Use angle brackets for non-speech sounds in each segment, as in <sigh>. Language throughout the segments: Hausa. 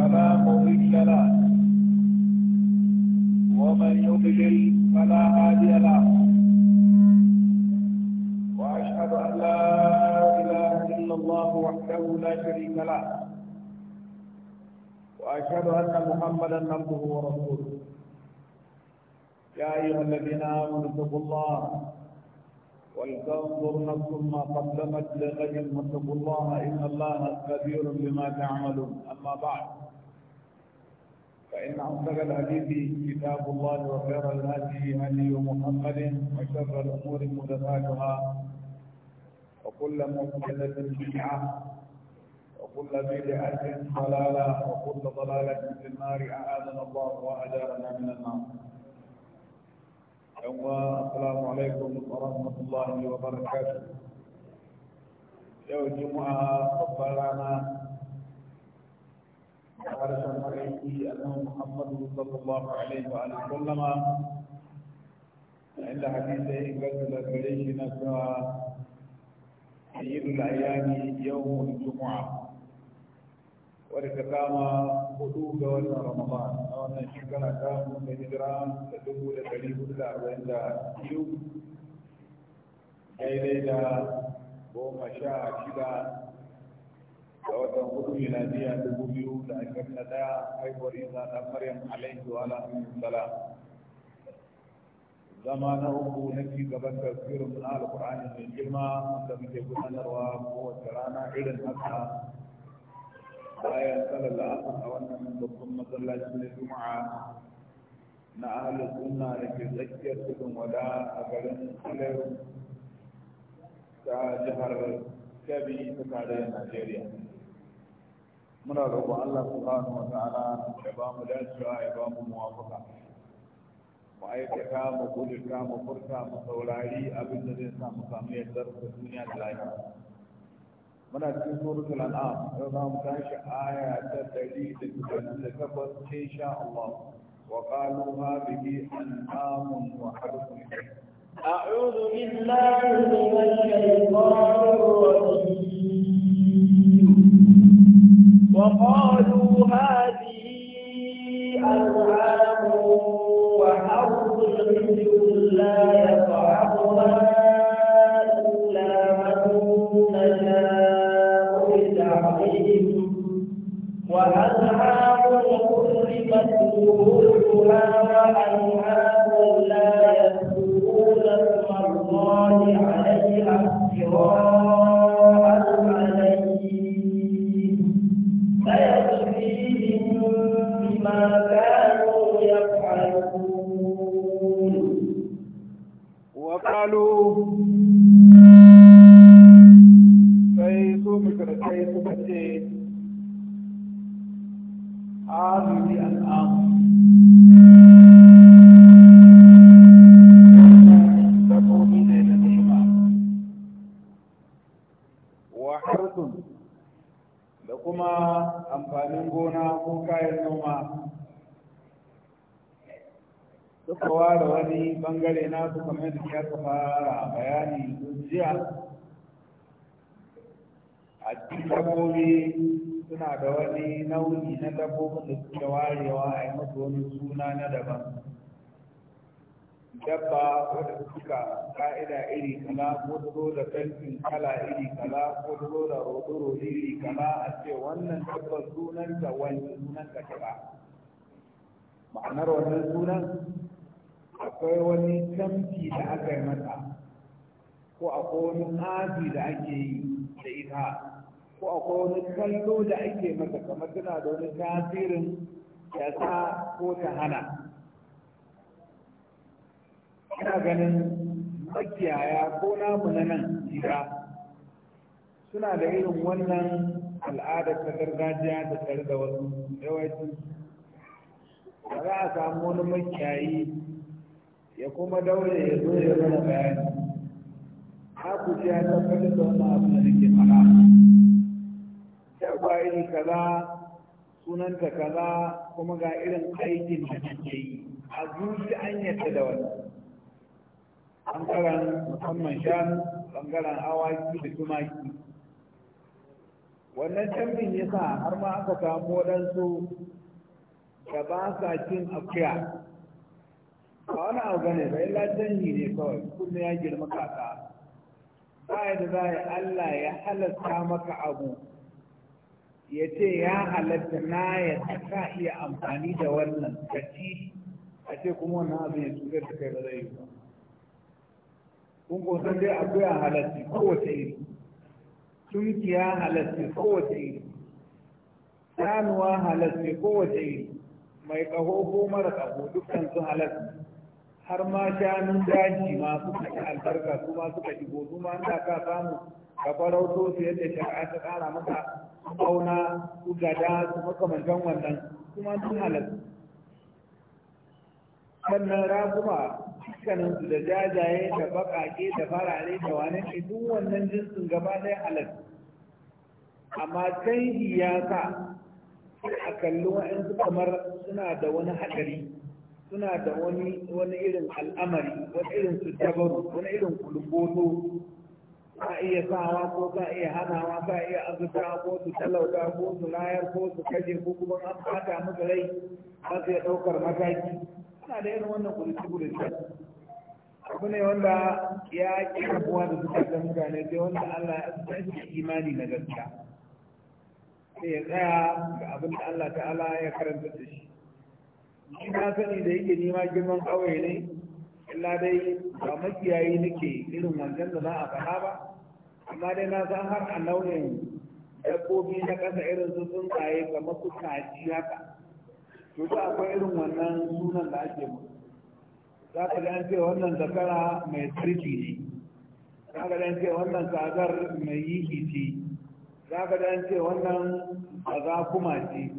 فلا مضل له ومن يضلل فلا هادي له واشهد ان لا اله الا الله وحده لا شريك له واشهد ان محمدا عبده ورسوله يا ايها الذين امنوا اتقوا الله ولتنظر نفس ما قدمت لغد واتقوا الله ان الله خبير بما تعملون اما بعد فإن أصدق الحديث كتاب الله وخير الهدي هدي محمد وشر الأمور محدثاتها وكل محدثة بدعة وكل بدعة ضلالة وكل ضلالة في النار أعاذنا الله وأجارنا من النار. يوم السلام عليكم ورحمة الله وبركاته. يوم الجمعة قبلنا وعلى شرعه أنه محمد صلى الله عليه وآله وسلم عند حديثه قتل الجيش نفسها سيد الأيام يوم الجمعة ولتقام حدود وزن رمضان أو أن الشكر كان بهجران تدوب لتليف الأربعين يوم أي ليلة goma sha shida ga watan hudu miladiya dubu biyu da ashirin da daya haihuwar isa da maryam alaihi wa alaihi salam zama na uku na ci gaban tafsirin na alkur'ani mai girma wanda muke gudanarwa kowace rana irin haka bayan salar la'asar a wannan babban masallaci na juma'a na ahalin sunna da ke tsakiyar tudun wada a garin alairu ta jihar kebbi ta tarayyar najeriya muna roƙon Allah subhanahu wa ta'ala ya ba mu dacewa ya ba mu muwafaka mu aikata mu kudurta mu furta mu saurari abin da zai sa mu samu yardar da duniya da lafiya muna cikin suratul an'am yau za mu tashi aya ta ɗari da tukanin da tabbas insha Allah وقالوا هذه أنعام وحرث أعوذ بالله من الشيطان الرجيم وقالوا هذه أنعام وحرب لا يطعمها إلا من نشاء بزعمهم وأنعام حرمت ظهورها وأنعام لا يذكرون اسم الله عليها افتراء kuka ce amiri al'amu da kuma amfanin gona ko kayan noma kowa da wani bangare na su kamar da ya fara bayani jiya a cikin dabbobi suna da wani nau'i na dabbobin da suke warewa a yi masu wani suna na daban dabba wadda suka ka'ida iri kala ko zo da fentin kala iri kala ko zo da rodoro iri kala a ce wannan dabba sunan da wani sunan ka kira ma'anar wannan sunan akwai wani tamki da aka yi mata ko akwai wani tsafi da ake yi da ita ko akwai wani kallo da ake maka kamar tana da wani tasirin ya ko ta hana ina ganin makiyaya ko namu na nan jira suna da irin wannan al'adar ta gargajiya da tare da wasu yawanci ba za a samu wani makiyayi ya kuma daure ya zo ya mana bayani ha ku ya tabbatar da wannan abu da nake fara layi kaza sunanta kaza kuma ga irin aikin da take yi a zuci an yadda da wannan ɓangaren musamman shanu ɓangaren awaki da tumaki wannan tambin ya sa har ma aka samu waɗansu da ba sa cin akuya ba wani abu gane, bai illa ne kawai kullum ya girma kaka ba da za Allah ya halatta maka abu ya ce ya halatta na ya ta iya amfani da wannan kaci a ce kuma wani abin ya cutar da kai ba zai yi ba kun kusan dai akwai a halatti kowace iri tunkiya halatti kowace iri sanuwa halatti kowace iri mai kaho ko mara kaho dukkan sun halatta har ma shanun daji ma suka ci albarka su ma suka shigo su ma ta ka samu ka farauto su yadda shari'a ta tsara maka auna su gada su makamantan wannan kuma sun halatta sannan raguma dukkanin su da jajaye da bakake da farare da wane ne duk wannan jinsin gaba ɗaya halatta amma kan ya sa a kalli wa'ansu kamar suna da wani haɗari suna da wani irin al'amari wani irin su wani irin kulumboto ka iya sawa ko ka iya hanawa ka iya azurta ko su talauta ko su layar ko su kaje ko kuma an fata masa rai za su iya ɗaukar mataki ana da irin wannan kulici kulici abu ne wanda ya ki kafuwa da suka ga mutane sai wanda Allah ya tsanci imani na gaskiya sai ya tsaya ga abin da Allah ta'ala ya karanta da shi shi na sani da yake nima girman ƙauye ne illa dai ba makiyayi nake irin wancan da za a faɗa ba amma dai na san har a nau'in dabbobi na ƙasa irin su tsuntsaye ga su kaji haka to ta akwai irin wannan sunan da ake mu za ka d'an ce wannan zakara mai tsirki ne za ka d'an ce wannan kagar mai yi hiti za ka d'an ce wannan kaza kuma ce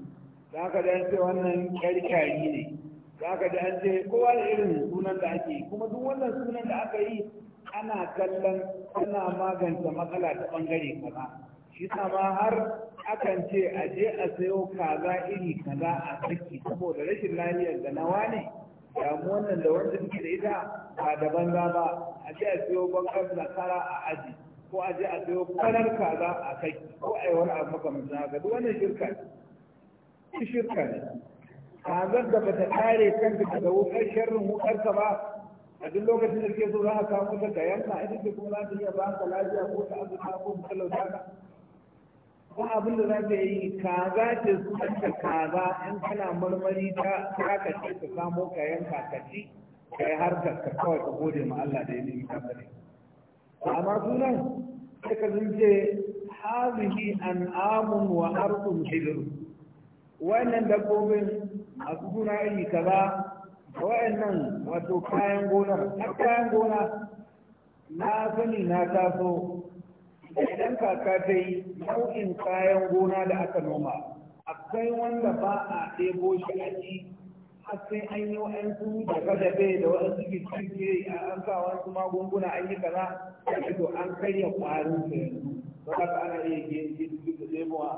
za ka d'an ce wannan kyarkyari ne za ka d'an ce kowa da irin sunan da ake kuma duk wannan sunan da aka yi ana kallon ana magance matsala ta bangare kaza shi ma har akan ce a je a sayo kaza iri kaza a saki saboda rashin lafiyar da nawa ne damuwan nan da wanda suke da ita ba da banza ba a je a sayo bangar nasara a aji ko a je a sayo kwanar kaza a saki ko a yi wani abu makamancin haka duk wannan shirka ne shirka ne kazar da bata kare kanta daga wukar sharrin wukarsa ba a duk lokacin da ke so za ka samu ta ga yanka ita ce kuma za ta iya ba ka lafiya ko ta azurta ko ta talauta ka ba abin da za ta yi kaza ce su ta kaza in kana marmari ta ka ce ta samu ka yanka ka ci ka yi harkar ka kawai ka gode ma Allah da ya nemi ka bane amma sunan sai ka zunce hazihi an'amun wa harsun hijr wannan dabbobin a suna yi kaza wa'annan wato kayan gona a kayan gona na sani na taso idan kaka ta yi nau'in kayan gona da aka noma akwai wanda ba a ɗebo shi a ci a sai an yi wa'ansu da kadabe da wa'ansu cike a an sa wasu magunguna an yi kaza da to an karya kwarin su yanzu ba ka ana iya gehen da ɗebo a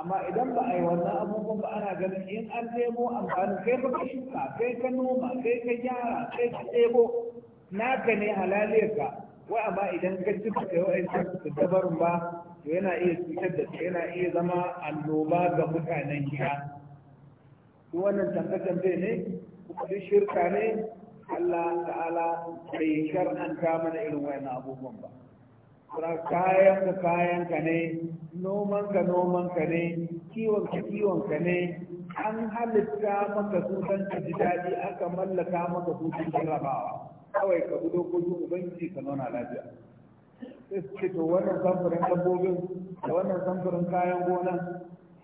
amma idan ba a yi wannan abubuwan ba ana ganin in an nemo amfani kai ba ka shuka kai ka noma kai ka yara kai ka ɗebo ka ne halaliyar ka wai amma idan ka ci ka kai wa'in su dabarun ba to yana iya cutar da yana iya zama annoba ga mutanen gida duk wannan tambaye ne kuma shirka ne Allah ta'ala bai shar'anta mana irin wayannan abubuwan ba kayan ka kayan ka ne noman ka noman ka ne kiwon ka kiwon ka ne an halitta maka su ka ji daɗi aka mallaka maka su dan jarrabawa kawai ka gudo ko ji ubangiji ka nuna lafiya sai su ce to wannan samfurin dabbobin da wannan samfurin kayan gonan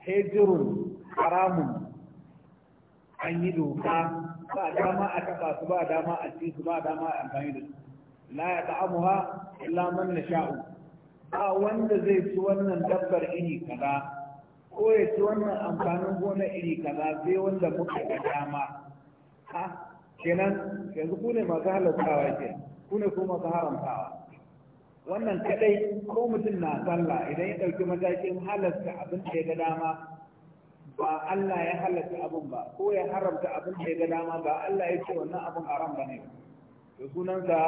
hejirun haramun an yi doka ba dama a taɓa su ba dama a ci su ba dama a amfani da su la ya ha? illa man sha'u ba wanda zai ci wannan dabbar iri kaza ko ya ci wannan amfanin gona iri kaza sai wanda muka ga dama ha kenan yanzu ku ne masu halattawa ke ku ne kuma masu haramtawa wannan kadai ko mutum na sallah idan ya ɗauki matakin halatta abin da ya ga dama ba Allah ya halatta abin ba ko ya haramta abin da ya ga dama ba Allah ya ce wannan abin haram ba ne da sunansa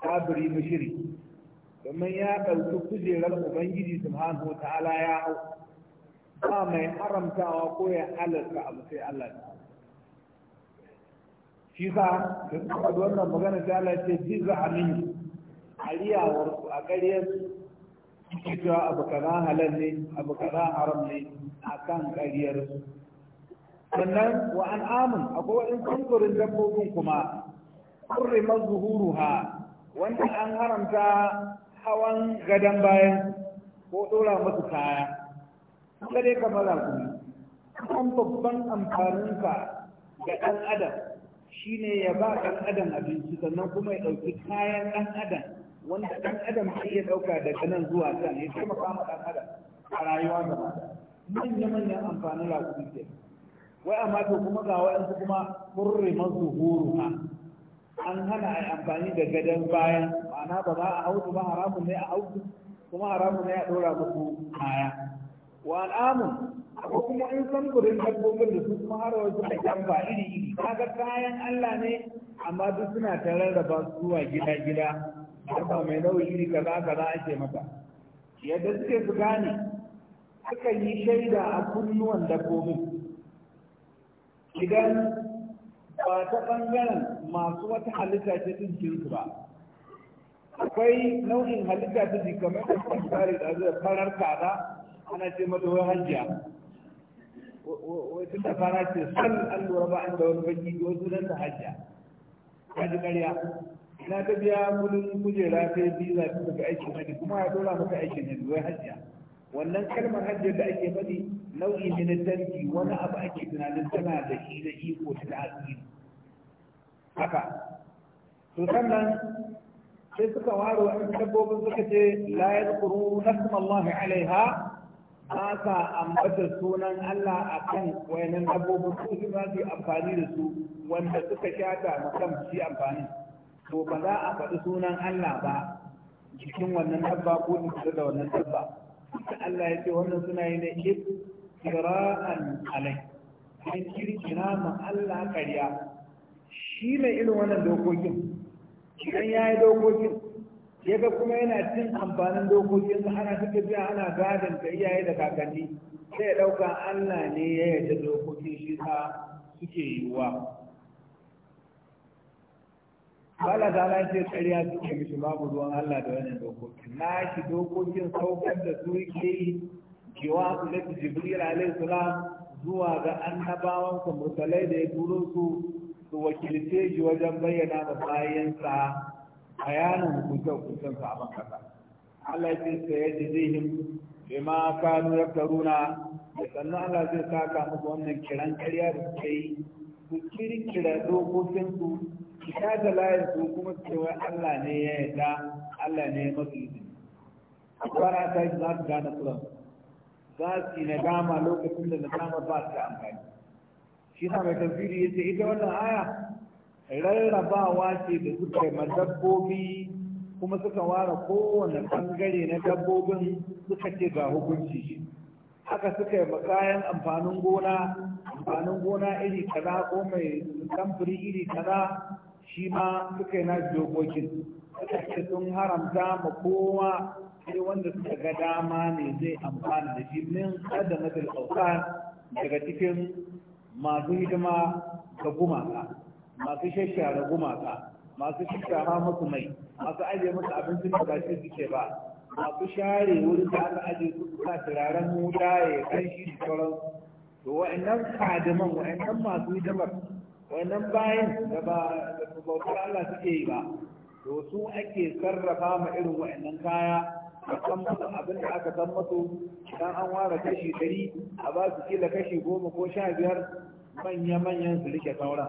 kafiri mushiri domin ya ɗauki kujerar ubangiji subhanahu ta'ala ya hau ba mai haramtawa ko ya halarta abu sai Allah ta shi sa da suka wannan magana ta Allah ce jiza amini aliyawar su a ƙaryar cewa abu kaza halal ne abu kaza haram ne akan ƙaryar su sannan wa an amin akwai wa'in kunkurin dabbobin kuma kurrimar zuhuruha wanda an haramta hawan gadon bayan ko ɗora musu kaya kuma dai kamar rakumi kan babban amfaninka ga ɗan adam shine ya ba ɗan adam abinci sannan kuma ya ɗauki kayan ɗan adam wanda ɗan adam zai iya ɗauka daga nan zuwa can ya kuma kama ɗan adam a rayuwa gaba manya-manyan amfanin rakumi ke wai amma to kuma ga waɗansu kuma furre masu ha an hana a amfani da gadon baya ma'ana ba za a hautu ba haramun ne a hautu kuma haramun ne a ɗora musu kaya wa al'amun ko kuma in san gudun dabbobin da su kuma har wasu a ba iri iri kaga kayan Allah ne amma duk suna ta rarraba zuwa gida gida ba mai nauyi iri kaza kaza ake mata yadda suke su gane suka yi shaida a kunnuwan dabbobin idan ba ta ɓangaren masu wata halitta ce ta jinsu ba akwai nau'in halitta ta ji kamar da ta tsari da zai farar kada ana ce mata wai hajiya wai tun da fara ce san an lura ba an da wani baki wai sunan ta hajiya ji ƙarya ina ta biya kudin kujera sai biza ta tafi aikin hajji kuma ya dora mata aikin hajji wai hajiya wannan kalmar hajjar da ake faɗi nau'i ne na dangi wani abu ake tunanin tana da shi iko ta ta'asiri haka to sannan sai suka ware wa'in dabbobin suka ce la yadkuru nasmallahi alaiha ba sa ambata sunan Allah a kan wayannan dabbobin su su za su amfani da su wanda suka shata makam shi amfani to ba za a faɗi sunan Allah ba jikin wannan dabba ko da wannan dabba Allah ya ce wannan suna yi ne kira'an alai an kirkina ma Allah ƙarya shi ne irin wannan dokokin idan ya yi dokokin ya kuma yana cin amfanin dokokin su ana ta tafiya ana gadon ta iyaye da kakanni sai ya ɗauka Allah ne ya yarda dokokin shi ta suke yiwuwa Allah ta ala ce ƙarya suke mishi babu ruwan Allah da wannan dokokin na shi dokokin saukar da su yake yi kewa su da jibril zuwa ga annabawan ku da ya turo su su wakilce shi wajen bayyana da bayansa bayanin hukuncin hukuncin sabon kasa Allah ya ce sai ya bai ma kanu karuna da sannan Allah zai saka musu wannan kiran ƙarya da suke yi su kirkira dokokin ita da layin su kuma cewa Allah ne ya yarda Allah ne ya masu izini akwara ta yi za su gane kuran za su yi nadama lokacin da nadama ba su amfani shi na mai tafsiri ya ce ita wannan aya rarrabawa ce da suka yi kuma suka ware kowane bangare na dabbobin suka ce ga hukunci shi haka suka yi kayan amfanin gona amfanin gona iri kaza ko mai samfuri iri kaza shi ma suka yi na dokokin suka sun haramta ma kowa sai wanda suka ga dama ne zai amfana da shi min kada na dalƙauƙan daga cikin masu hidima ga gumaka masu shashara gumaka masu shashara musu mai masu ajiye musu abincin da ba shi suke ba masu share wurin da aka ajiye su suna turaren wuta ya kan shi da sauran to wa'annan kadiman wa'annan masu hidimar wannan bayan da ba bautar Allah suke yi ba to su ake sarrafa ma irin wa'annan kaya a san abin da aka san musu dan an ware kashi ɗari a ba su kila kashi goma ko sha biyar manya-manyan su rike sauran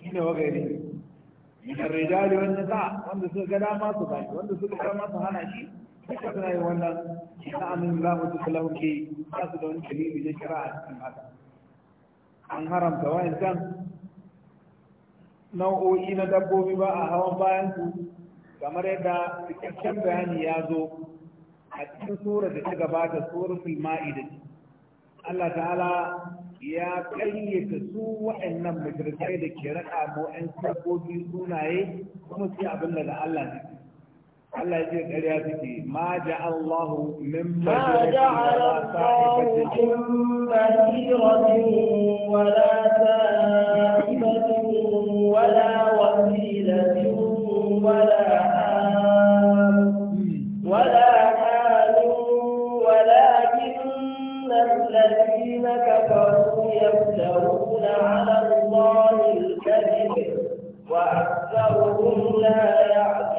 shine wa gari minar rijali wanda za wanda suka gada dama su baki wanda suka kama dama su hana shi duka suna yin wannan na amin za mu duka kula ke Za su da wani dalili na kira a cikin haka an haramta wayan can nau'o'i na dabbobi ba a hawan bayan ku kamar yadda cikakken bayani ya zo a cikin sura da ta gabata suratul ma'ida Allah ta'ala ya kayyata su waɗannan mutarkai da ke raka mu ɗan dabbobi sunaye kuma sai abin da Allah ne الله يجي يا ذكي ما جعل الله من ما جعل الله من بشيرة ولا سائبة ولا وسيلة ولا ولا حال ولكن الذين كفروا يفترون على الله الكذب وأكثرهم لا يعلمون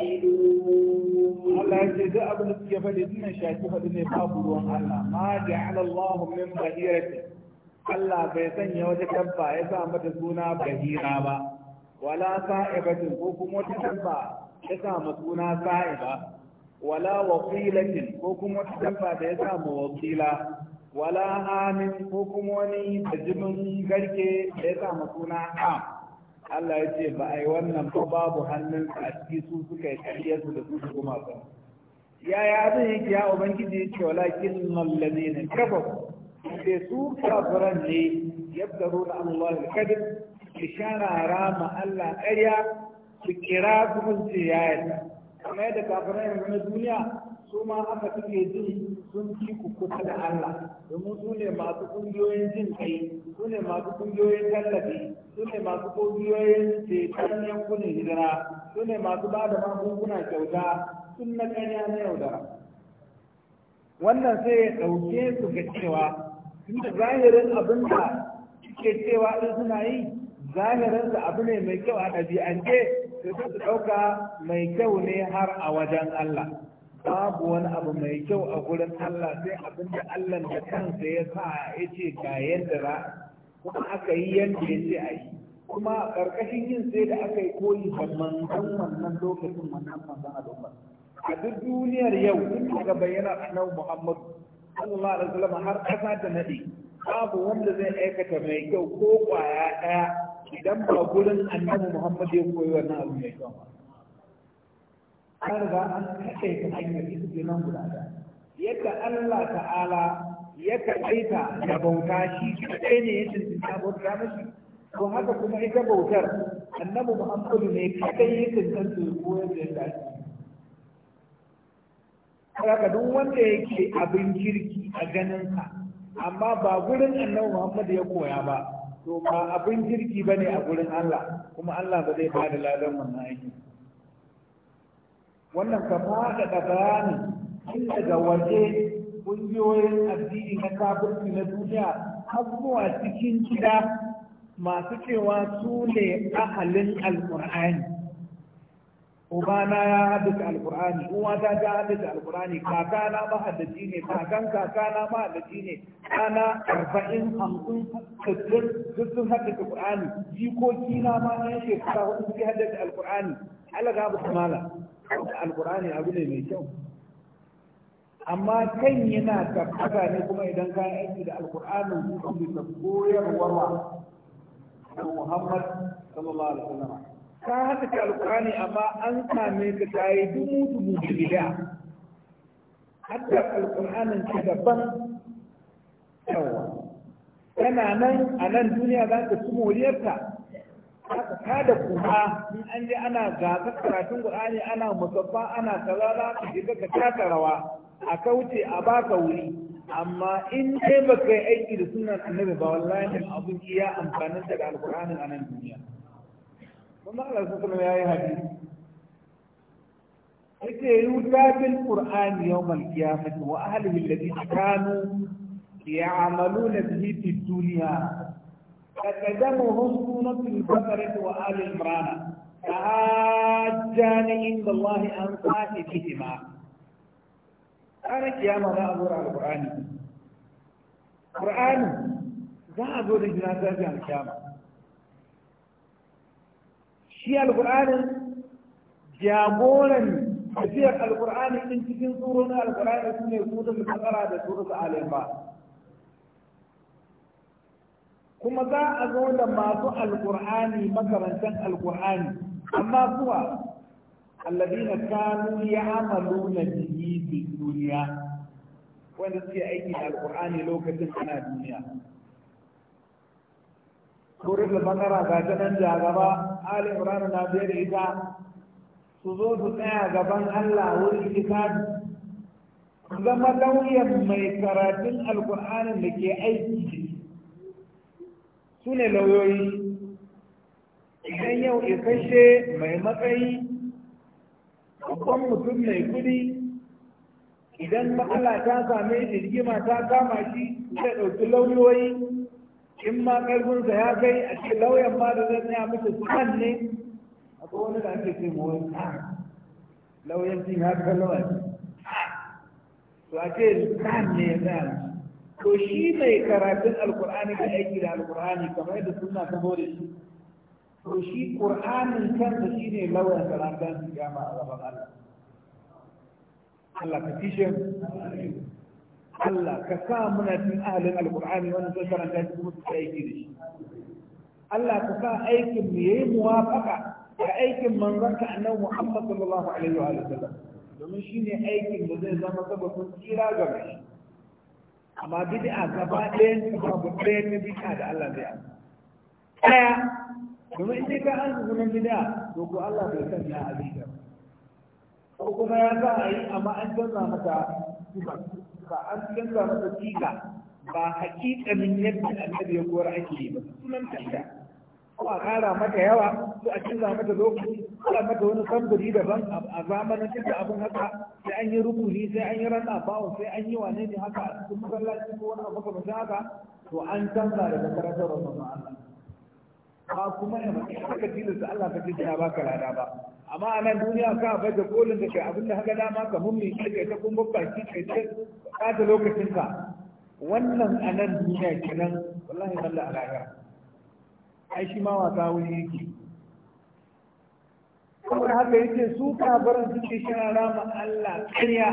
Allah ya ce duk abin da suke faɗi dinnan shafi faɗi ne babu ruwan Allah ma ja'ala Allahu min bahirati Allah bai sanya wata dabba ya sa mata suna bahira ba wala sa'ibatin ko kuma wata dabba ya sa ma suna sa'iba wala wakilatin ko kuma wata dabba da ya sa ma wakila wala amin ko kuma wani bajimin garke da ya sa ma suna am Allah ya ce ba a yi wannan ba babu hannunsa a ciki su suka yi su da su kuma ba. yaya abin yake ya ubangiji ya ce wala kinnal ladina kafar ke su kafiran ne yabdaru na Allah al-kadir ishara rama Allah ƙarya su kira kuma ce ya yarda kuma yadda kafiran yanzu na duniya su ma haka suke jin sun ci ku da Allah domin su ne masu kungiyoyin jin kai su ne masu kungiyoyin tallafi su ne masu kungiyoyin ceton yankunan hijira su ne masu ba da magunguna kyauta hamsin na ƙarya na wannan sai ya ɗauke su ga cewa tunda zahirin abin da suke cewa in suna yi zahirinsa abu ne mai kyau a ɗabi'ance sai su ɗauka mai kyau ne har a wajen Allah babu wani abu mai kyau a gurin Allah sai abin da Allah da kansa ya sa ya ce ga yadda ba kuma aka yi yadda ya ce a yi kuma ƙarƙashin yin sai da aka yi koyi ban man wannan lokacin wannan manzan a duk duniyar yau tun daga bayyana annabi Muhammadu sallallahu alaihi wasallam har kasa ta nade babu wanda zai aikata mai kyau ko kwaya daya idan ba gurin annabi Muhammadu ya koyi wannan abu mai kyau ba an ga an kace ta hanyar ita nan guda da yadda Allah ta'ala ya kaita da bauta shi kai ne ya tuntunta bauta mashi to haka kuma ita bautar annabi Muhammadu ne kai ya tuntunta koyar da shi. haka duk wanda yake abin kirki a ganinsa amma ba gurin annabi Muhammad ya koya ba to ba abin kirki bane a gurin Allah kuma Allah ba zai bada ladan wannan aiki wannan ka fada da bayani tun daga waje kungiyoyin addini na kafirci na duniya har zuwa cikin gida masu cewa su ne ahalin alƙur'ani ubana ya haddace alkur'ani uwa ta haddace alkur'ani kakana haddace ne kakan kakana haddace ne ana arba'in hamsin duk sun haddace alkur'ani jikoki na ma na shekara hudu suke haddace alkur'ani Allah ba su mala alkur'ani abu ne mai kyau amma kan yana tabbata ne kuma idan ka aiki da alkur'ani su bisa koyarwa Muhammad sallallahu alaihi wasallam ka haka ta alƙur'ani amma an same ka ta yi dubu dubu da bida hatta alƙur'anin ta daban yawa yana nan a nan duniya za ka ci moriyarta haka ka da kuma in an je ana gasa karatun ƙur'ani, ana musabba ana kaza za ka shiga ka taka rawa a kauce a baka wuri amma in kai ba yi aiki da sunan annabi ba wallahi abun iya amfanin da alkur'ani a nan duniya فماذا تقول يا أيها الذين آمنوا يتلو القرآن يوم القيامة وأهله الذين كانوا يعملون به في الدنيا فتدمهم سنة البقرة وآل عمران تهاجان عند الله أن بهما أنا قيامة لا أزور على القرآن القرآن لا أزور جنازة القيامة shi alƙur'anin jagoran tafiyar alƙur'ani din cikin tsoron alƙur'ani su ne tsoron da tsara da tsoron da alimba kuma za a zo da masu alkur'ani makarantar alkur'ani amma kuwa alladina kanu ya'maluna bihi fi duniya wanda suke aiki da alƙur'ani lokacin ana duniya suratul bakara ga ta da gaba ali imran na biye da ita su zo su tsaya gaban Allah wurin kitabi zama lauyan mai karatun alkur'anin da ke aiki Sune ne lauyoyi idan yau kashe mai matsayi babban mutum mai kudi idan allah ta same shi rigima ta kama shi sai ɗauki lauyoyi in ma ƙarfinsa ya kai a ce lauyan ma da zai tsaya musu kan ne a wani da ake ce mawai kan lauyan cin ya kai lauyan to a ce kan ne ya tsaya to shi mai karatun alkur'ani da aiki da alkur'ani kamar yadda suna ta zo da shi to shi ƙur'anin kansa shi ne lauyan karatun su gama a gaban Allah Allah ka fishe Allah ka sa muna cikin ahalin alkur'ani wannan zai karanta shi kuma su aiki da shi Allah ka sa aikin mu yayi muwafaka da aikin manzon ka annabi Muhammad sallallahu alaihi wa sallam domin shine aikin da zai zama sababin tsira ga mai amma bid'a gaba ɗayan babu ɗayan na bid'a da Allah zai amsa ɗaya domin in ka an zuwa bid'a to ko Allah bai san ya abida ko kuma ya sa a yi amma an canza mata ba an canza masa siga ba hakikanin yadda annabi ya kora ake yi ba sunan tafiya ko a kara mata yawa ko a canza mata lokaci ko a mata wani tambari daban a zamanin da abin haka sai an yi rukuni sai an yi rana bawo sai an yi wane ne haka a cikin masallaci ko wani abu kamar haka to an canza daga karantar wannan ba kuma ne mutum haka tilasta Allah ka jinta ba ka lada ba amma a nan duniya ka bai da kolin da kai abinda haka dama ka mummi shi kai ta kuma baki kai ta kada lokacin ka wannan a nan duniya kenan wallahi Allah a lahira ai shi ma wasa wuri yake kuma haka yake su barin suke shara rama Allah ƙarya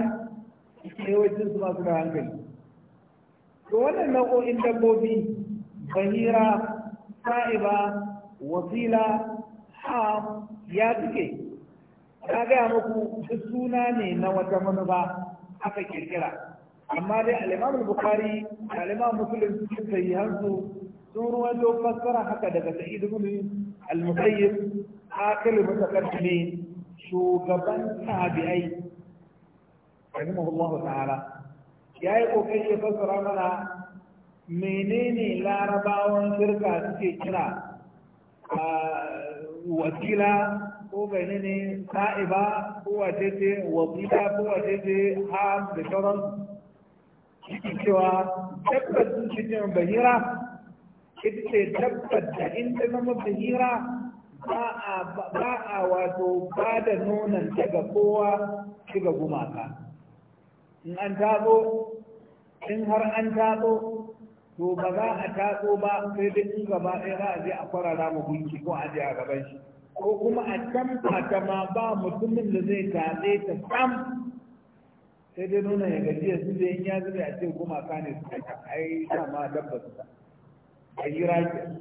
ne wajen su masu da hankali to wannan nau'o'in dabbobi bahira sa'iba wasila ham ya suke ta gaya muku duk suna ne na wata manufa aka kirkira amma dai alimamul bukari da alimam musulun cikin sahihansu sun ruwaito fassara haka daga sa'id ibn al-musayyib akil mutaqaddimi shugaban tabi'ai rahimahullahu ta'ala yayi kokari ya fassara mana menene larabawan shirka suke kira wakila ko menene sa'iba ko wace ce wakila ko wace ce ham da sauran shi cewa tabbatin sun ce bahira ita ce tabbas da in ta zama bahira ba a wato ba da nonon daga kowa shiga gumaka in an taɓo in har an taɓo to ba za a taso ba sai dai in gaba ɗaya za a je a farara mu gunki ko a a gaban shi ko kuma a can ta ma ba mutumin da zai tatse ta sam sai dai nuna ya gajiya su da in ya zube a ce kuma ka ne su ta ai ma dabba su ta a yi raki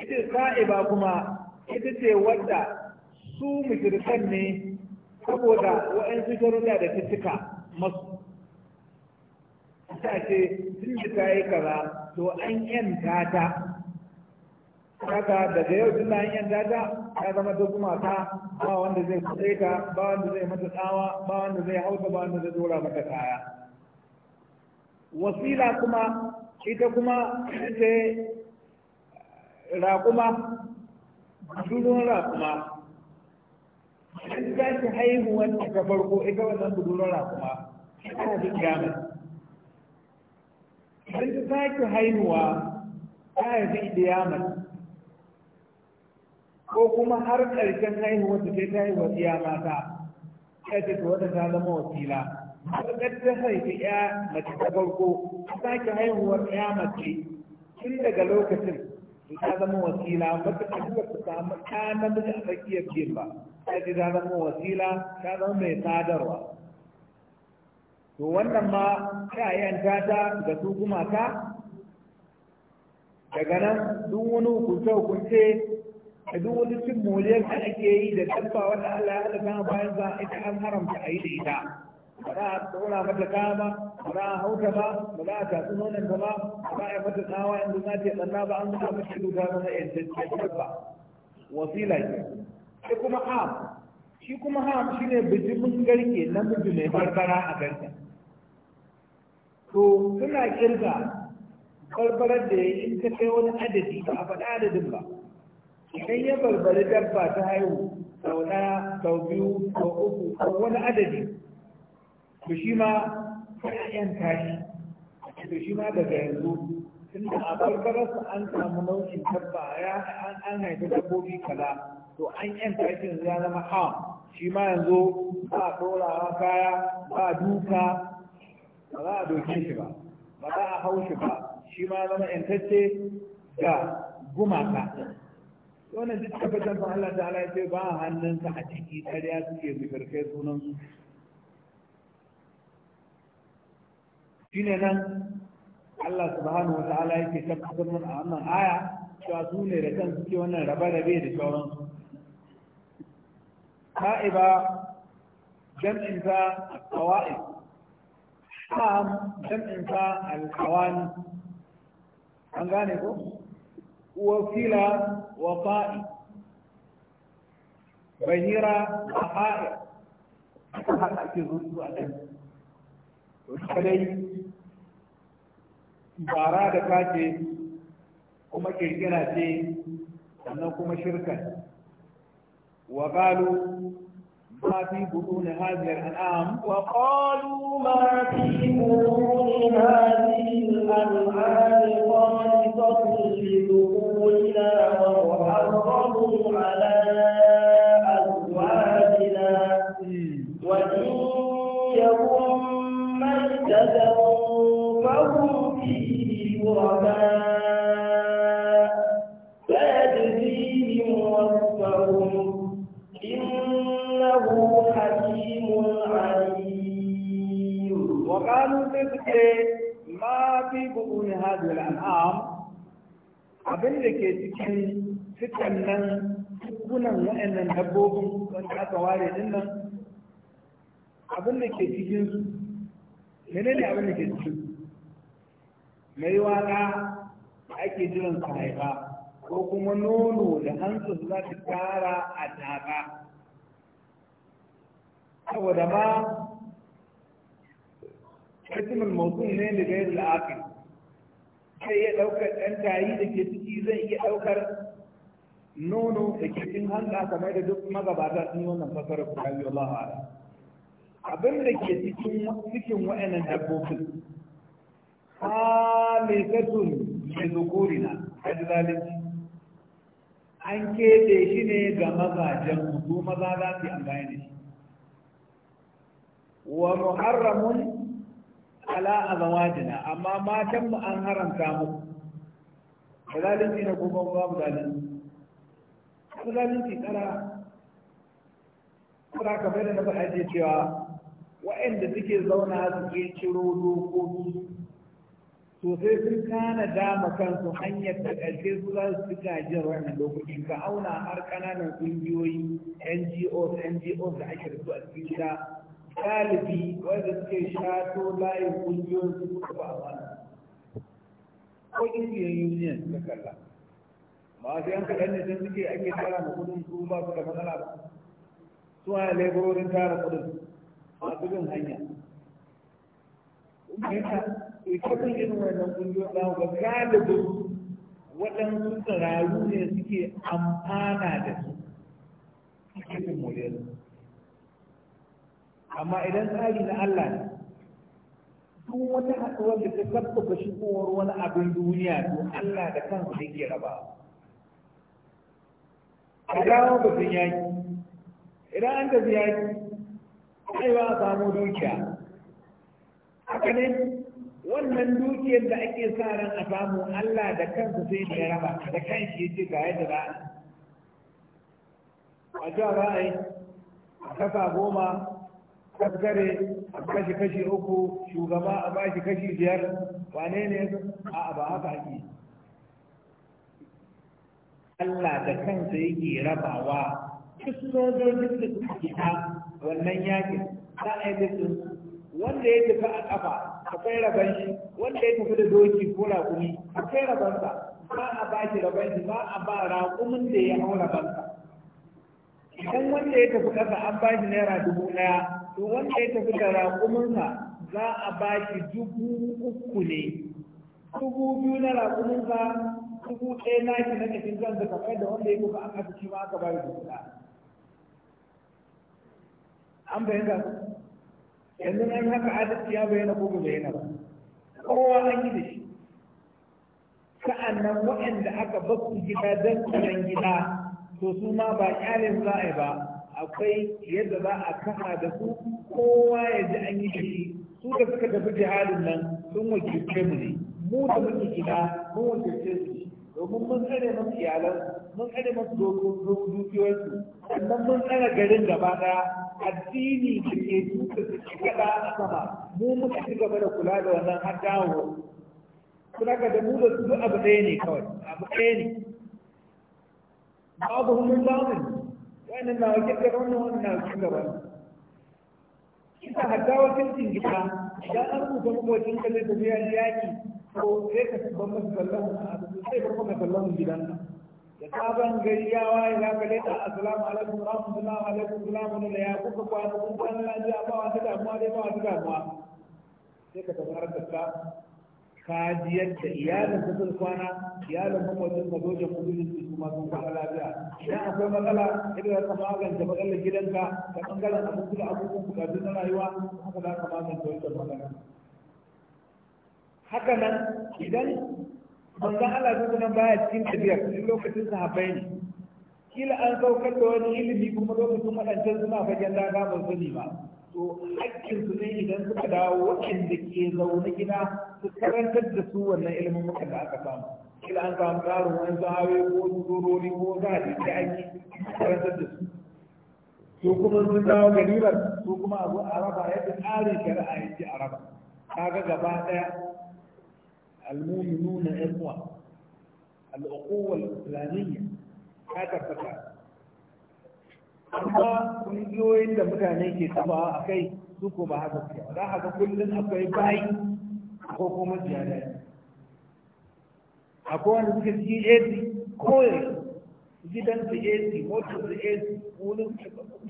ita ba kuma ita ce wadda su mushrikan ne saboda waɗansu sharuɗa da ta cika masu ta ce tun da ta yi kaza to an yanta ta kaka daga yau tun da an yanta ta ya zama ta gumaka ba wanda zai kuɗe ta ba wanda zai mata tsawa ba wanda zai hauka ba wanda zai dora mata kaya wasila kuma ita kuma ita raƙuma budurun raƙuma in za ta haihu wannan ta farko ita wannan budurun raƙuma ita da kyamata idan ta sake haihuwa ta haifi idiyamar ko kuma har ƙarshen haihuwar ta sai ta yi wa mata ta ce ta wata ta zama wasila matuƙar ta haifi ya mace ta farko ta sake haihuwar ya mace tun daga lokacin ta zama wasila matuƙar ta ta samu ta namiji a tsakiyar ba ta ce ta zama wasila ta zama mai sadarwa to wannan ma ta'ayyanta ta ga su gumaka daga nan duk wani hukunce hukunce da duk wani cin moliyar da ake yi da dabba wanda Allah ya san bayan za ita an haramta a yi da ita ba za a tsora mata kaya ba ba za a hauta ba ba za a tatsi nonon ba ba za a yi mata tsawa yanzu za ta yi tsanna ba an zuwa mace duka zama yantacciyar dabba wasila ce sai kuma ham shi kuma ham shine bijimin garke namiji mai barbara a garken to suna kirga barbarar da ya in ta kai wani adadi ba a faɗa adadin ba idan ya barbari dabba ta haihu sau ɗaya sau biyu sau uku sau wani adadi to shi ma ƴaƴan tashi to shi ma daga yanzu tun da a barbararsa an samu nau'in dabba an haifi dabbobi kaza to an yan tashi yanzu ya zama ha shi ma yanzu ba a ɗorawa kaya ba duka ba za a doke shi ba ba za a hau shi ba shi ma zama intacce ga gumaka wannan duk tabbatar da Allah ta'ala ya ce ba hannunsa a ciki ƙarya suke kai sunan su shine nan Allah subhanahu wata'ala yake tabbatar mun a wannan aya cewa su ne da kan suke wannan rabe-rabe da sauran ka'iba jam'in ta qawaid al'am jam'insa al'awani an gane ko wasila wafa'i bahira wafa'i aka haka ake zuzu a nan kadai bara da kace kuma kirkira ce sannan kuma shirkan wa ما في بطون هذه الأنعام وقالوا ما في بطون هذه الأنعام خالصة لذكورنا ومحرم على أزواجنا وإن يكن ميتة فهم فيه شركاء fi buɗuni hadiyar al'am abin da ke cikin fitan nan kunan waɗannan dabbobin wanda aka ware din nan abin da ke cikin su ne abin da ke cikin mai waka ake jiran su haifa ko kuma nono da hansu za su tara a daga saboda ba ismul motsin ne da gairul la'afin sai ya ɗaukar ɗan tayi da ke ciki zai iya ɗaukar nono da ke cikin hanga kamar da duk magabata sun yi wannan fasarar ku rabi Allah ala abin da ke cikin cikin wa'annan dabbobin zukuri na zukurina ajzalin an keɓe shi ne ga mazajen su maza za su yi amfani da shi wa muharramun ala azwajina amma matan mu an haramta mu zalunci na kuma babu zalunci babu zalunci kara kura ka bai da na faɗa ce cewa wa'anda suke zauna su ke ciro dokoki sosai sun kana dama kansu hanyar da ƙarshe su za su fi gajiyar wannan lokacin ka auna har ƙananan ƙungiyoyi ngos ngos da ake da su a cikin gida galibi wanda suke shato layin kungiyoyin su suka ba amana ko kungiyar union ta kalla masu yan kaɗan ne sun suke ake tara ma kudin su ba su da matsala ba su hana laborin tara kudin masu bin hanya kungiyarta ikakun irin wannan kungiyoyin za ga galibin waɗansu tsiraru ne suke amfana da su suke moriyar su amma idan tsari na Allah ne duk wata haɗuwar da ta sabbaba shigowar wani abin duniya to Allah da kansa ke raba a dawo batun yaki idan an tafi yaki ba a samu dukiya haka ne wannan dukiyar da ake sa ran a samu Allah da kansa sai da ya raba da kanshi ce ga yadda za a a ba a yi a kasa goma kaskare a kashi kashi uku shugaba a bashi kashi biyar wane ne a ba haka ake Allah da kansa yake rabawa duk sojojin da suka fita wannan yakin za a yi wanda ya tafi a kafa akwai raban shi wanda ya tafi da doki ko raƙumi akwai rabansa ba a ba shi raban shi ba a ba raƙumin da ya hau rabansa idan wanda ya tafi ƙasa an ba shi naira dubu ɗaya to wanda ya tafi da raƙuminsa za a ba shi dubu uku ne dubu biyu na raƙuminsa dubu ɗaya na shi na tafi zan da kamar da wanda ya kuka an aka shi ma aka ba shi dubu an bayyana yanzu an haka adalci ya bayyana ko bai bayyana ba kowa an yi da shi sa'annan wa'anda aka bakku gida don tsaron gida to su ma ba ƙyalin za a yi ba akwai yadda za a kama da su kowa ya ji an yi shi su da suka tafi jihadin nan sun wakilce mu ne mu da muke gida mun wakilce su ne domin mun tsare masu iyalan mun tsare masu dukiyarsu sannan mun tsare garin gaba daya addini da ke duka su ci gaba a sama mu muka ci gaba da kula da wannan har dawo kuna ga da mu da su abu ɗaya ne kawai abu ɗaya ne babu hannun zamani wannan na da wannan wannan na da wannan kisa wajen wakilcin gida idan an rubuta makocin da zai tafiya yaki ko sai ka ban masa sallahun a abu sai bar maka gidan nan da sabon gari ya waye za ka leta assalamu alaikum rahmatullahi wa alaikum salamu da ya kuka kwana kun kwana lafiya ba wata damuwa dai ba wata damuwa sai ka tafi harkar ka ka da iyalin da sun kwana iyalin makwacin ka dojin mutumin su kuma sun kwana lafiya idan akwai matsala idan da ta magance matsalar gidanka ta bangaren abinci da abubuwan bukatu na rayuwa haka za ka magance wancan matsala haka nan idan manzon Allah sun nan baya cikin tafiyar duk lokacin haɓai ne kila an saukar da wani ilimi kuma lokacin maɗancin suna fagen daga ba sani ba to su ne idan suka dawo da ke zaune gida su karantar da su wannan ilimin muka da aka samu kila an samu tsarin wani zawe ko tsoroli ko za a ɗauki an karantar da su su kuma sun dawo ganimar su kuma abu a raba yadda tsarin shari'a ya ce a raba kaga gaba ɗaya almuminuna ƴan uwa al'uquwa al-islamiyya ta tabbata amma kungiyoyin da mutane ke taba a kai su ko ba haka suke za haka kullum akwai bayi ko kuma jiyada akwai wanda suke cikin ac kowai gidan su ac motar su ac wurin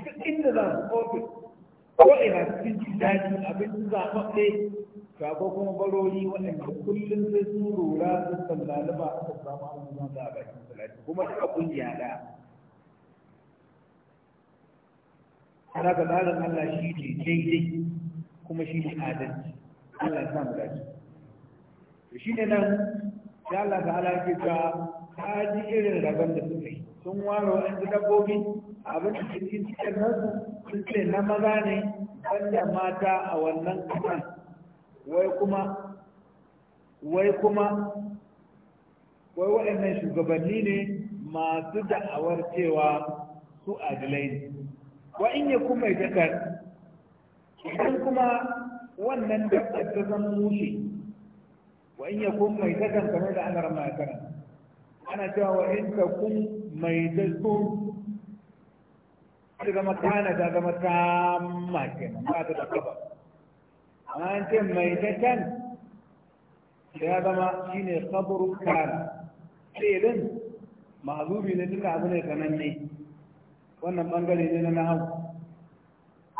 duk inda za su ofis ko ina cikin jin daɗi abinci zaɓaɓɓe to akwai kuma barori waɗanda kullum sai sun rura sun sallali a aka samu abubuwan za a bakin salati kuma duka ƙungiya ɗaya ana ga tsarin Allah shi ne daidai kuma shi ne adalci Allah ya samu dace to shi ne nan sai Allah ta ala ke ta ji irin rabon da suka yi sun ware wa'ansu dabbobi abin da cikin cikin nasu sun ce na maza ne banda mata a wannan kasan wai kuma wai kuma wai waɗannan shugabanni ne masu da'awar cewa su adilai ne wa in ya kuma ya dakar idan kuma wannan dabbar ta zan mushe wa in ya kuma mai dakan kamar da ana rama karan ana cewa wa in ka kun mai dakon ta zama kana ta zama tamma kenan ba ta da kaba amma an ce mai dakan ya zama shi ne kaburin kana sai din ma'azubi ne duka abu ne sananne wannan bangare ne na nahawu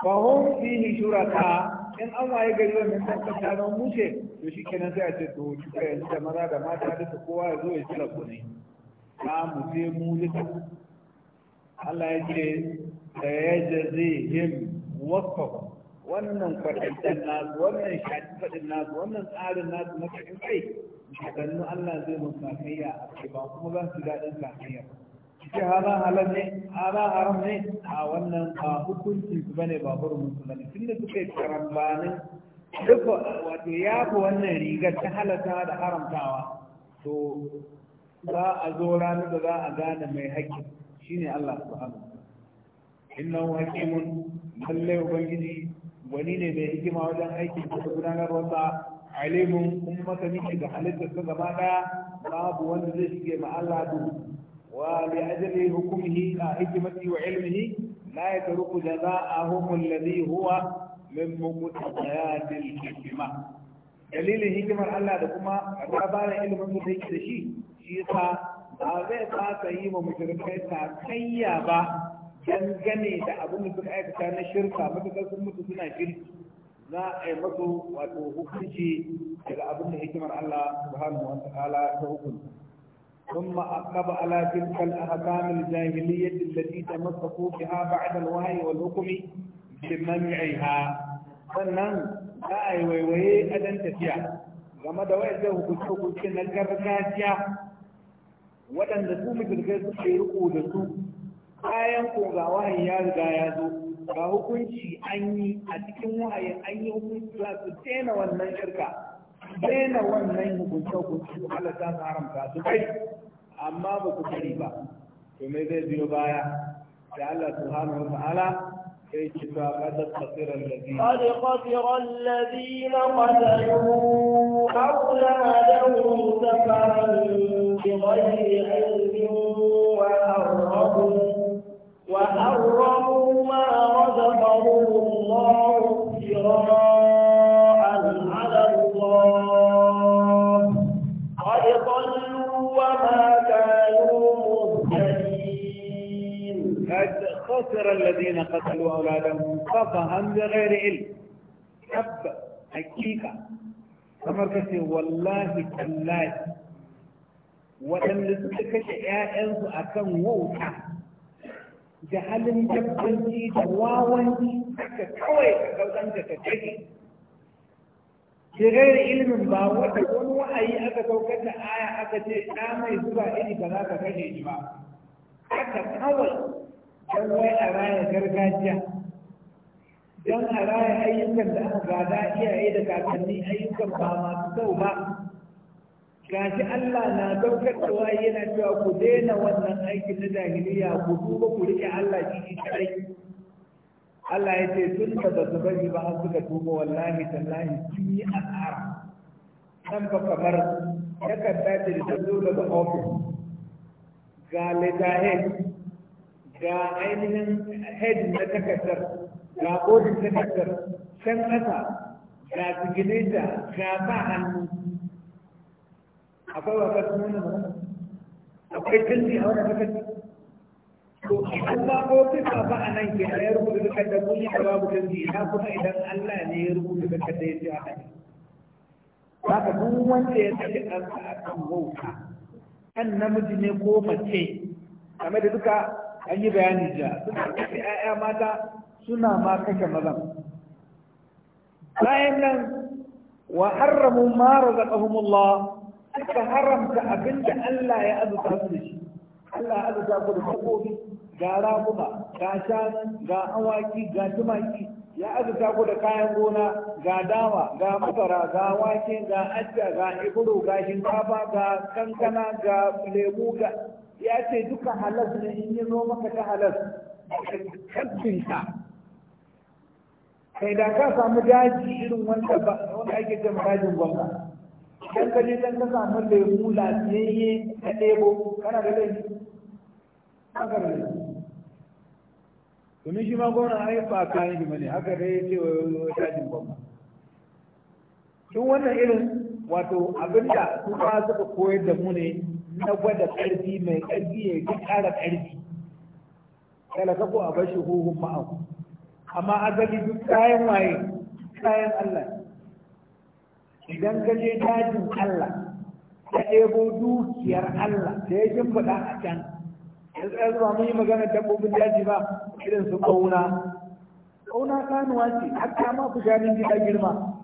fa hum fihi shuraka in Allah ya gari wannan san kasa ran mushe to shikenan sai a ce to kika yanzu da maza da mata duka kowa ya zo ya tsira ku ne mu je mu duka Allah ya ce da ya wannan kwatantan nasu wannan shaɗi faɗin nasu wannan tsarin nasu na kai kai sannu Allah zai mun sakayya a ba kuma za su daɗin sakayya ba ce hana halal ne haram ne a wannan ba hukuncin su bane ba hurumin su bane tun da suka yi karambanin duk wato ya fi wannan rigar ta halata da haramtawa to za a zo ranar da za a gane mai haƙƙi shine Allah subhanahu innahu hakimun lallai ubangiji wani ne mai hikima wajen aikin da gudanarwarsa alimun kuma masani ne ga halittar ta gaba daya babu wanda zai shige ma Allah duk ولأجل حكمه حكمته وعلمه لا يترك جزاءهم الذي هو من مقتضيات الحكمة dalilin hikimar Allah da kuma labarin ilimin da yake da shi shi yasa ba zai fasa yi wa mushrikai takayya ba dangane da abin da suka aikata na shirka matuƙar sun mutu suna shirki za a yi masu wato hukunci daga abinda hikimar Allah subhanahu wa ta'ala ta hukunta ثم أقب على تلك الأحكام الجاهلية التي تمسكوا بها بعد الوحي والحكم بمنعها sannan لا a yi waiwaye a dan tafiya game da wayar hukunce-hukunce na gargajiya waɗanda su mutirgai suke riko da ko ga wahayi ya riga ya zo ga hukunci an yi a cikin wahayi an yi hukunci za su daina wannan shirka daina wannan hukunce hukunci ku halatta su haramta su kai amma ba ku bari ba to me zai biyo baya da Allah subhanahu wa ta'ala sai ba ce to qad qasira alladhina qad qasira alladhina qatalu awladahum safaran bighayri ilmin wa harrabu wa harrabu ma razaqahum وترى الذين قتلوا أولادهم فظهم بغير علم حب حقيقة تمركز والله تلاج وتم لسلك شعائنه أكم ووتا جهل جبنتي تواوانتي تكتوي تكوزن تكتكي بغير علم باوة تكون وأي أكا توكتا آية أكا تكامي زبا إلي كذا تكتكي جبا تكتوي don wai a raya gargajiya don a raya ayyukan da aka gada iyaye da kakanni ayyukan ba masu kyau ba gashi Allah na daukar da waye yana cewa ku daina wannan aikin na jahiliya ku duba ku rike Allah shi kai Allah ya ce tun da ba su bari ba an suka tuba wallahi tallahi sun yi asara nan ba kamar takarda ce da ta zo daga ofis ga littahin Da ainihin head na takardar ga kodin takasar can kasa ga siginaita ga sa hannu akwai wata suna mana akwai canji a wani takasar to idan Allah ko kisa ba a nan ke ya rubuta takardar kun yi babu canji ina kuma idan Allah ne ya rubuta takardar ya ce a nan ba ka duk wanda ya tafi ɗansa a kan wauta an namiji ne ko mace game da duka an yi bayani jiya suna kashe 'ya'ya mata suna ma kashe mazan bayan nan wa harramu ma razaqahumullah suka haramta abin da Allah ya azurta su da shi Allah ya azurta ku da dabbobi ga raƙuma ga shanu ga awaki ga tumaki ya azurta ku da kayan gona ga dawa ga masara ga wake ga ajiya ga iburo ga shinkafa ga kankana ga lemu ga ya ce duka halas ne in yi zo maka ta halas kaddinka kai da ka samu daji irin wanda ba wanda ake jan dajin gwamna kan ka je kan ka samu lemu lafiyayye ka ɗebo kana da laifi haka da laifi domin shi ma gwamna ai ba kayan shi bane haka dai ya ce wa dajin gwamna tun wannan irin wato abinda su ba suka koyar da mu ne na gwada ƙarfi mai ƙarfi ya yi ƙara ƙarfi talaka ko a bashi huhun ma'aku amma azali duk kayan waye kayan Allah idan ka je dajin Allah ka ɗebo dukiyar Allah da ya shimfiɗa a can ya tsaye zuwa mun yi magana dabbobin daji ba irin su ƙauna ƙauna kanuwa ce hatta ma ku sha gida girma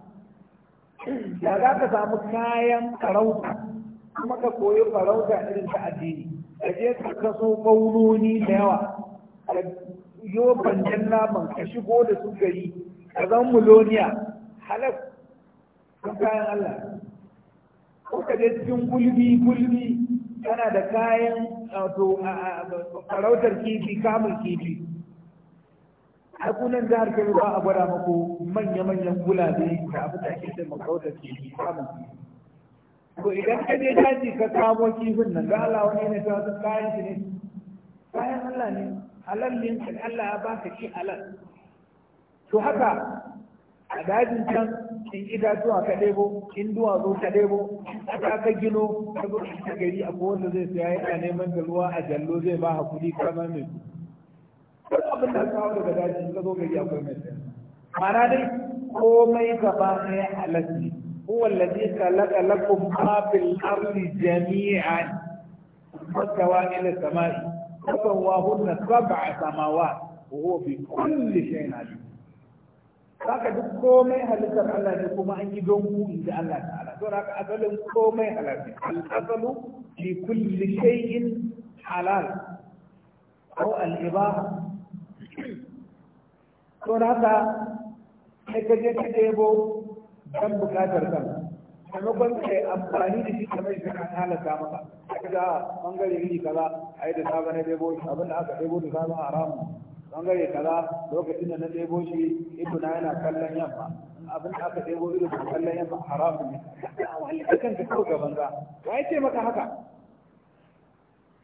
da za ka samu kayan farauta kuma ka koyi farauta irin ta addini ka je ka kaso mauloni da yawa ka yo banjan naman ka shigo da su gari ka zan muloniya halak kan kayan Allah ko ka je cikin gulbi gulbi kana da kayan farautar kifi kamun kifi a kunan jihar kebbi ba a gwada mako manya-manyan gulabe da abu da ake sai makarautar kifi kamun kifi to idan ka je daji ka kamo kifin nan ga Allah wani ne ta wasu kayan shi ne kayan Allah ne halal ne Allah ya ba ka shi halal to haka a dajin can in zuwa ka ɗebo in duwatsu ka ɗebo aka ka gino ka zo ka gari a kowanne zai saya yana neman da ruwa a jallo zai ba ha kuɗi kamar mai duk abin da kawo daga daji ka zo gari akwai mai saya ma'ana dai komai gaba ɗaya halal ne هو الذي خلق لكم ما في الأرض جميعا واستوى إلى السماء فسواهن سبع سماوات وهو بكل شيء عليم haka duk komai halittar Allah ne kuma an yi don ku inda Allah ta'ala don haka asalin komai halal ne al-asalu fi kulli shay'in halal ko al-ibaha don haka sai ka je ka debo dan bukatar kan maimakon kai amfani da shi kamar shi kan halaka maka kaga bangare ne kaza ai da sabon ne debo shi abinda aka debo da sabon haramu bangare kaza lokacin da na debo shi ibnu yana kallon yamma abin da aka debo ido da kallon yamma haramun ne wanda kanka kawai ga banza wa ya ce maka haka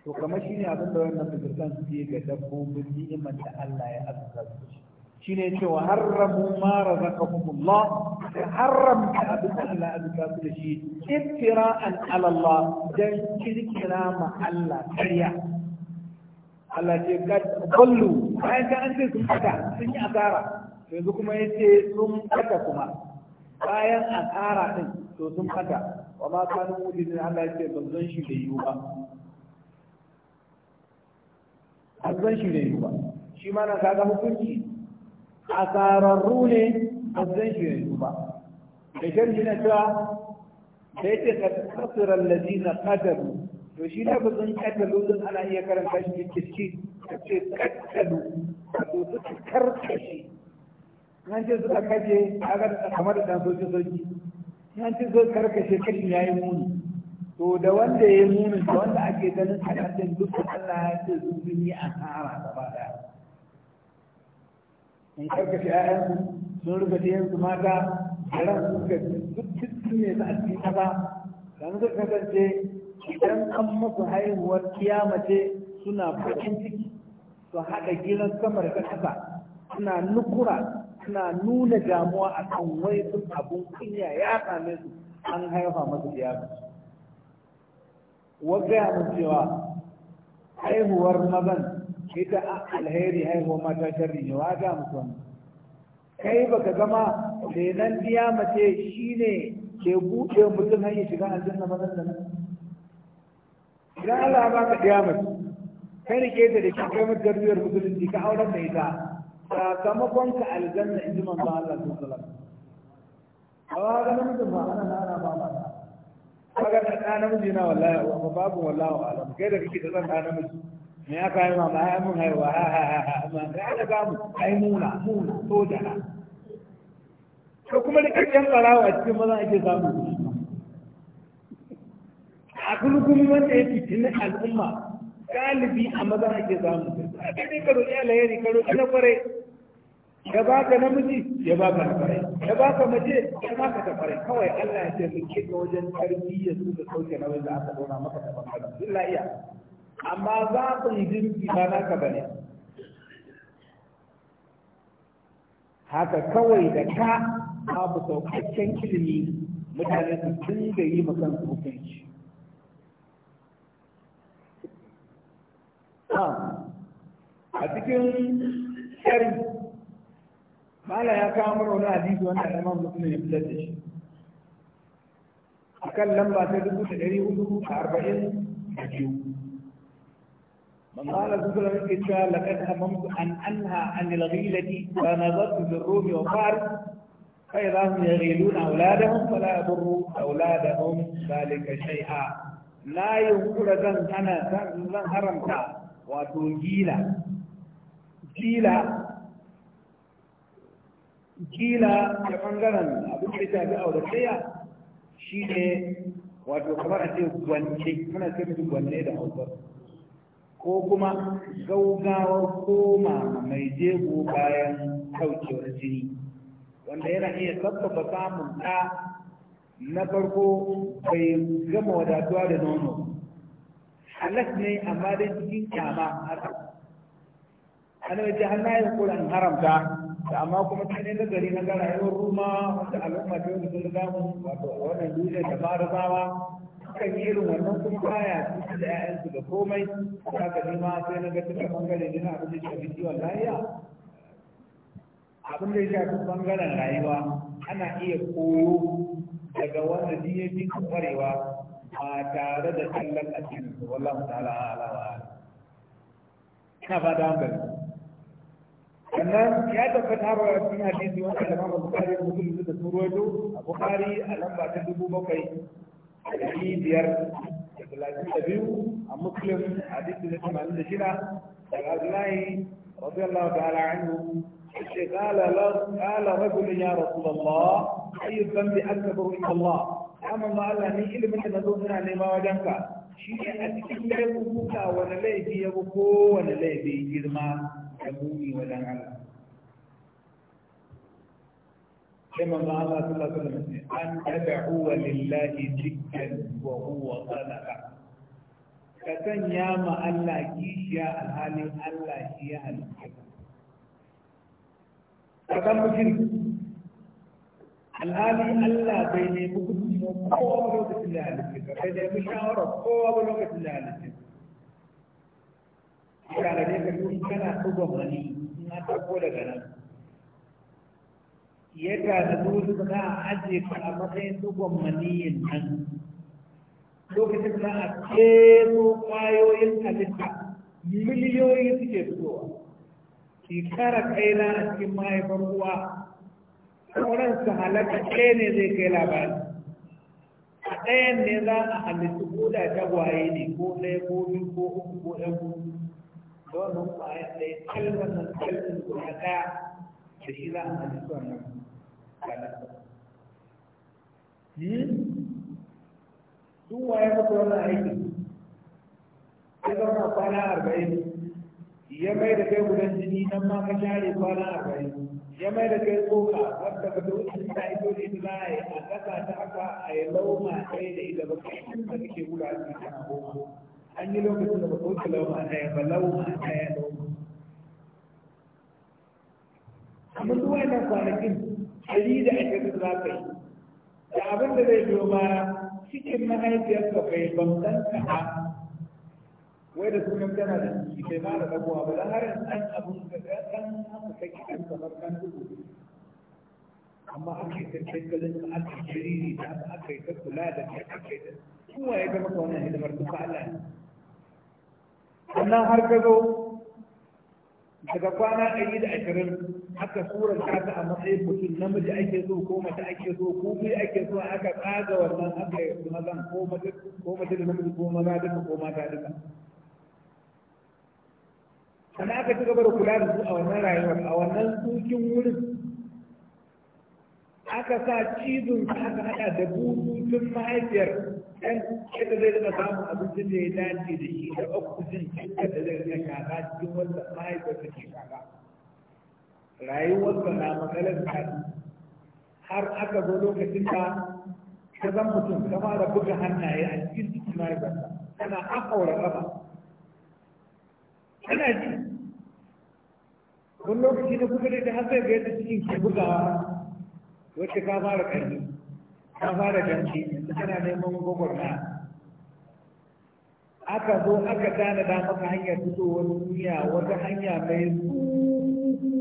to kamar ne abin da wannan fikiran suke ga dabbobin ni'imar da Allah ya azza su shine cewa harramu ma razaqahumullah sai haramta abin da Allah ya zuba su da shi iftira'an ala Allah dan kirkira ma Allah ƙarya Allah ce kad kullu bayan ka an ce sun fata sun yi asara yanzu kuma yace sun fata kuma bayan asara din to sun fata wa ma kanu mudin Allah ya ce ban zan shi da yiwu ba an zan shi da yiwu ba shi ma na kaga hukunci asararru ne a zan shi yanzu ba da sharhi na cewa da yake kasirar na kadaru to shi na kusan kadaru zan ana iya karanta shi ke kirki ka ce kadaru ka karka shi. nan ce suka kashe aka kamar da dan soji soji nan ce zo karkashe kashin yayi muni to da wanda ya yi muni, da wanda ake ganin a duk da Allah ya ce sun yi asara gaba daya in fi ƴaƴansu sun rufe yanzu mata ran sun ga duk ne su a cikin ƙasa dan su kasance idan an masu haihuwar kiyamace suna bakin ciki su haɗa gidan sama da ƙasa suna nukura suna nuna damuwa a kan wai sun abun kunya ya same su an haifa masu kiyamace wa gaya mun cewa haihuwar mazan ita alheri haihuwa mata sharri ne wa ga musu wannan kai baka gama lenan diya mace shine ke buɗe mutum hanyar shiga aljanna mazan da nan idan Allah ya baka diya mace kai rike ta da kai mata tarbiyyar musulunci ka auren da ita sakamakon ka aljanna in ji manzo Allah sallallahu alaihi wasallam amma ga namijin ba ana na ana ba ba kaga da namiji na wallahi wa babu wallahu alam kai da kike da zan da namiji me aka yi ma ya mun haihuwa ha ha ha ha amma da ana ba mu ai muna muna soja na to kuma da kakkan tsarawa a cikin maza ake samu a kulkumi wanda ya fitinin al'umma galibi a maza ake samu a daidai karo ya layari karo na kwarai ya baka namiji ya baka na kwarai ya baka mace ya baka ta kwarai kawai Allah ya ce mu ke ga wajen tarbiyyar su da sauke na wanda aka dora maka da bangaren billahi amma za yi jirgi ba na ba ne haka kawai da ka babu saukakken ilimi mutane su dinga yi makan hukunci a cikin shari mala ya kawo mana wani hadisi wanda alama musulun ya fitar da shi a kan lamba ta dubu da ɗari hudu da arba'in da biyu من قال رسول الله كتاب لقد هممت أن أنهى عن الغيلة فنظرت في الروم وفارس فإذا هم يغيلون أولادهم فلا يضروا أولادهم ذلك شيئا لا ينقل ذن أنا ذن هرمت وتوجيلا جيلا جيلا da ɓangaren abin da ta fi auratayya shi ne wato وانتي انا ce gwanne muna ce ko kuma gaugawar koma mai jego bayan kaucewar jini wanda yana iya sabbaba samun ɗa na farko bai gama wadatuwa da nono halas ne amma dai cikin kyama haka ana na yin kuran haramta da amma kuma ta ne nagari na gara rayuwar ruma wanda al'umma ta yi da sun zamu wato wannan duniya da fara sukan yi irin wannan kuma baya su da ƴaƴansu da komai haka ni ma sai na ga duka bangare ne na abin da shafi kiwon lafiya abin da ya shafi bangaren rayuwa ana iya koyo daga wanda ni ya fi kwarewa ba tare da kallon addini wallahu ta'ala ala wa ina ba da hankali sannan ya tabbata ba a cikin hadisi wanda da mamu bukari mutum da sun ruwaito a bukari a lamba ta dubu bakwai ɗari biyar da talatin da biyu a muslim hadisi na tamanin da shida daga abdullahi رضي الله تعالى عنه قال قال رجل يا رسول الله اي الذنب اكبر عند الله اما ما الله ني ilimin da nazo ina nema wajenka shine a cikin laifuka wani laifi ya bi kowane laifi girma da muni wajen Allah كما قال صلى الله عليه أن تدعو لله جدا وهو صدقا كتن يا ما الله كيش يا الهالي الله هي الحكم كتن الهالي الله بيني بكم قوة بلوغة الله لكتر بيني مشاورة قوة بلوغة الله لكتر كان ذلك يقول كان أبو غني ما تقول لك ya tanadi dole da za a ajiye ka a matsayin dugon maniyin nan lokacin da a kero kwayoyin halitta miliyoyi suke fitowa ki shekara kaina a cikin mahaifar uwa sauran su halaka ke ne zai kai labari a ɗayan ne za a halittu ko da tagwaye ne ko ɗaya ko biyu ko uku ko ɗan hudu don nan kwayan ɗaya kalmar nan kalmar guda ɗaya da shi za a halittu wannan kanan. hmm su waye ka wannan aiki sai ka kwana arba'in ya mai da kai gudan jini nan ma ka share kwana arba'in ya mai da kai tsoka wadda ka wuce ta ido da ita za a yi a ta aka a yi lauma ɗaya da ita ba kashin da kake guda a cikin goma an yi lokacin da ba ko wuce lauma ɗaya ba lauma ɗaya lauma amma su wa'annan kwanakin ɗari da ashirin za ka yi da abin da zai biyo baya cikin mahaifiyarsa bai bambanta ba wai da sunan tana da ciki bai ma da rabuwa ba don harin ɗan abin da ɗan haka kake ɗan kamar ɗan dubu amma aka yi tattalin da aka yi jariri da aka aka yi tattula da ke aka yi kuma ya ga maka wannan hidimar duka Allah ne sannan har ka zo daga kwana ɗari da ashirin aka sura ta a matsayin mutum namiji ake so ko mace ake so ko bi ake so aka tsaga wannan aka yi su mazan ko mace da namiji ko maza duka ko mata duka sana aka ci gaba da kula da su a wannan rayuwar a wannan dukin wurin aka sa cizon aka haɗa da bututun mahaifiyar dan yadda zai daga samun abinci da ya dace da shi da oxygen cikin da zai rika shaka cikin wanda mahaifar ta ke shaka rayuwarsa na matsalar tafi har aka zo lokacin da ka zan mutum ka fara buga hannaye a cikin cikin mahaifarsa tana akaura kafa tana ji wani lokaci da kuka da har zai ga yadda cikin ke bugawa wacce ka fara ƙarfi ta fara ganci tana neman gwagwarmaya aka zo aka tanada maka hanyar fitowar duniya wata hanya mai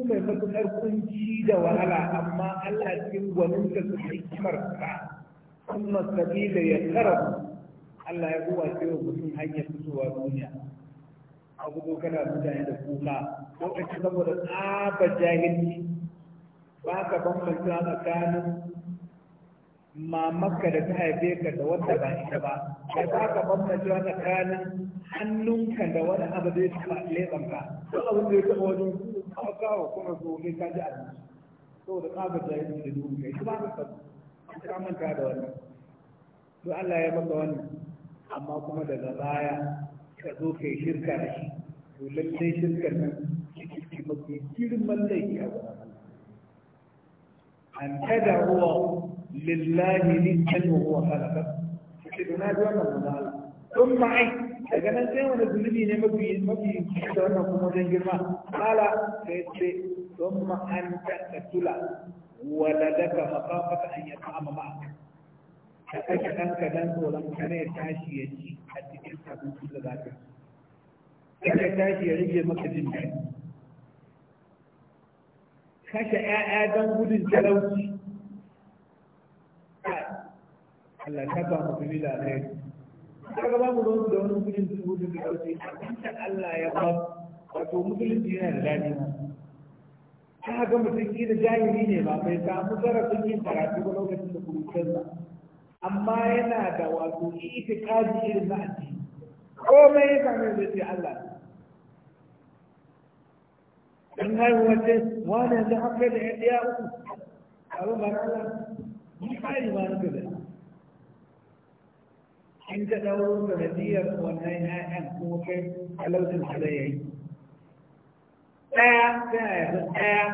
mai matuƙar kunci da wahala amma Allah cikin gwaninka su hikimar sa kuma sabila ya tsara Allah ya zuwa ce wa mutum hanyar fitowar duniya a gudu kana mutane da kuka lokaci saboda tsaba jahilci ba ka bambanta tsakanin Mamaka da ta haife ka da wanda ba ita ba ya za ka bambance wa tsakanin hannunka da wani abu da ya taɓa leɓen ka ko abin da ya taɓa wajen kuma kawo kuma so kai ka ji so da tsabar da ya da duhun kai ba ka sabu ka manta da wannan to Allah ya maka wannan amma kuma daga baya ka zo kai shirka da shi to lallai shirka nan shi mafi girman laifi a wurin Allah an tada ruwa لله لمن هو خلقه فكذا نادي أمام الله ثم أي أن سيوان الظلمين مبي مبي سيوان أبو مدين جرما قال فيتي ثم أنت تتلع ولدك مقافة أن يطعم معك فأجل أنك دانت ولم كان يتعشي يجي حتى تلك من كل ذلك Allah ta ba musulmi da alheri kaga ba mu ruwan su da wani musulunci hudun da ɗauki abincin Allah ya ba wato musulunci yana da daɗi ta ga mutum ki da jahili ne ba bai samu zarafin yin karatu ba lokacin da kurucinsa amma yana da wato itikazi irin na addini komai ya same zai ce Allah in haihuwa ce wani yanzu an kai da ya ɗaya uku abin ba na Allah ni fari ma na gaba in ka dawo sanadiyar wannan 'ya'yan kuma kai talaucin ka zai yi ɗaya tana yafi ɗaya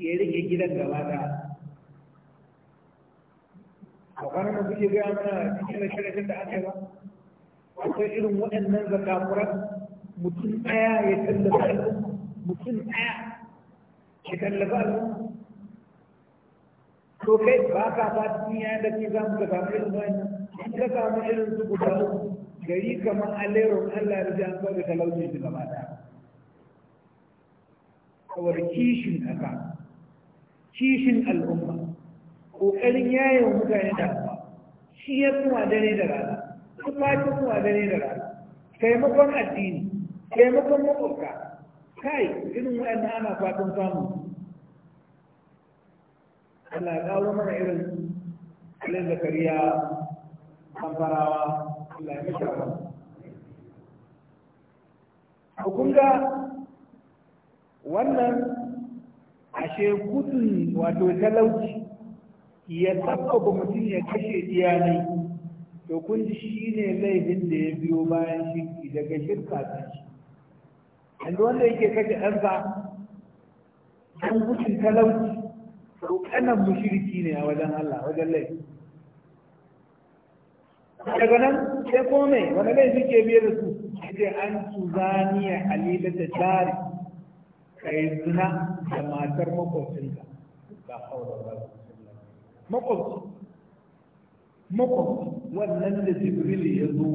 ya rike gidan gaba ɗaya a kwanan da kuke gaya mana cikin rashin da aka ba akwai irin waɗannan zakafuran mutum ɗaya ya tallafa al'umma mutum ɗaya ya tallafa al'umma to kai ba ka fatan ya da ke za mu ga samu irin wannan ka samu irin su guda gari kamar alerun Allah da jan da talauci su gaba da. kawar kishin ƙasa kishin al'umma ƙoƙarin yayin mutane da shi ya kuma dare da rana kuma ta kuma dare da rana taimakon addini taimakon makwabta kai irin waɗanda ana fatan samu Allah ya kawo mana irin Alin Zakariya kamfarawa Allah ya kashe wannan ashe gudun wato talauci ya sabbaba mutum ya kashe iyalai to kun ji shi ne laifin da ya biyo bayan shirki daga shirka ta shi yanzu wanda yake kashe ɗansa an gudun talauci to kanan shirki ne a wajen Allah wajen laifi daga nan sai kome wani ne ke biye da su ce an tuzaniya halila ta jari kai zina da matar makwabcinka ga haura ba makwabci makwabci wannan da jibril ya zo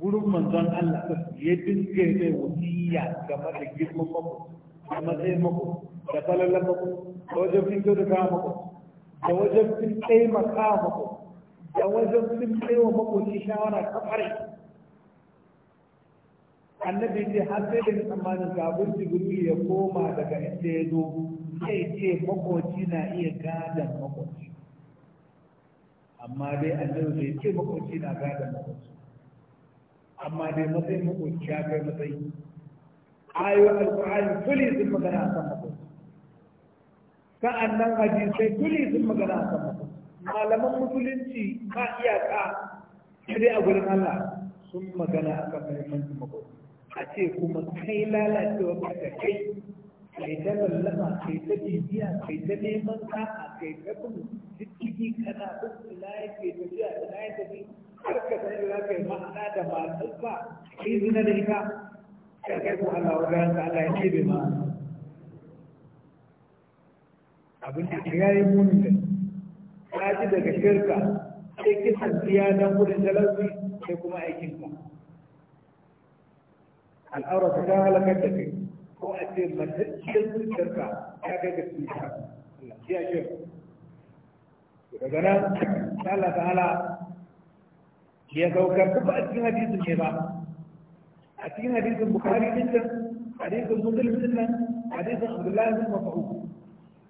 wurin manzon Allah ta ya dinga mai wasiya game da girman makwabci da matsayin makwabci da falalan makwabci da wajen fito da kawo makwabci da wajen taimaka makwabci da wajen sun kai wa makoci shawara ta fare annabi ce har sai da tsammanin gabin jibril ya koma daga inda ya zo zai ce makoci na iya gadon makoci amma dai annabi bai ce makoci na gadon makoci amma dai matsayin makoci ya kai matsayi ayoyin alkur'ani tuli sun magana a kan makoci sa'an nan hadisai tuli sun magana a kan makoci malaman musulunci ba iyaka sai a gurin Allah sun magana akan muhimmancin mako? a ce kuma kai lalacewa ba da kai kai ta lallaba kai ta bibiya kai ta neman a kai ta bin diddigi kana bin ina ya ke tafiya ina ya tafi har ka san ina kai ma'ana da matar ba kai zina da ita kai kai ko Allah wa ka Allah ya ce bai ma abin da ya yi munin da kaji daga shirka sai kisan biya don gudun talauci sai kuma aikin aikinka al'aura ta halakar da kai ko a ce matacciyar shirka ya kai ga shirka Allah ya shi daga nan Allah ta'ala ya saukar kuma a cikin hadisin ne ba a cikin hadisin bukhari din can hadisin muslim nan hadisin abdullahi bin mas'ud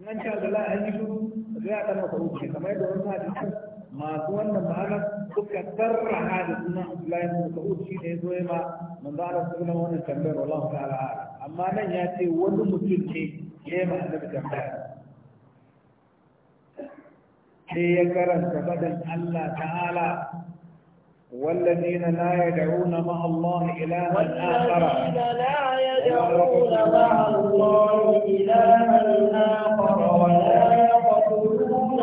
nan ce abdullahi an yi shuru sai a masa kamar yadda wani hadisan masu wannan ma'anar suka sarraha da suna Abdullahi bin Mas'ud shi ne zo ma manzo Allah sallallahu wannan tambayar wallahu ta'ala amma nan ya ce wani mutum ne ya yi ma annabi tambaya sai ya karanta fadan Allah ta'ala والذين لا يدعون مع الله إلها آخر والذين لا يدعون مع الله إلها آخر ولا يقتلون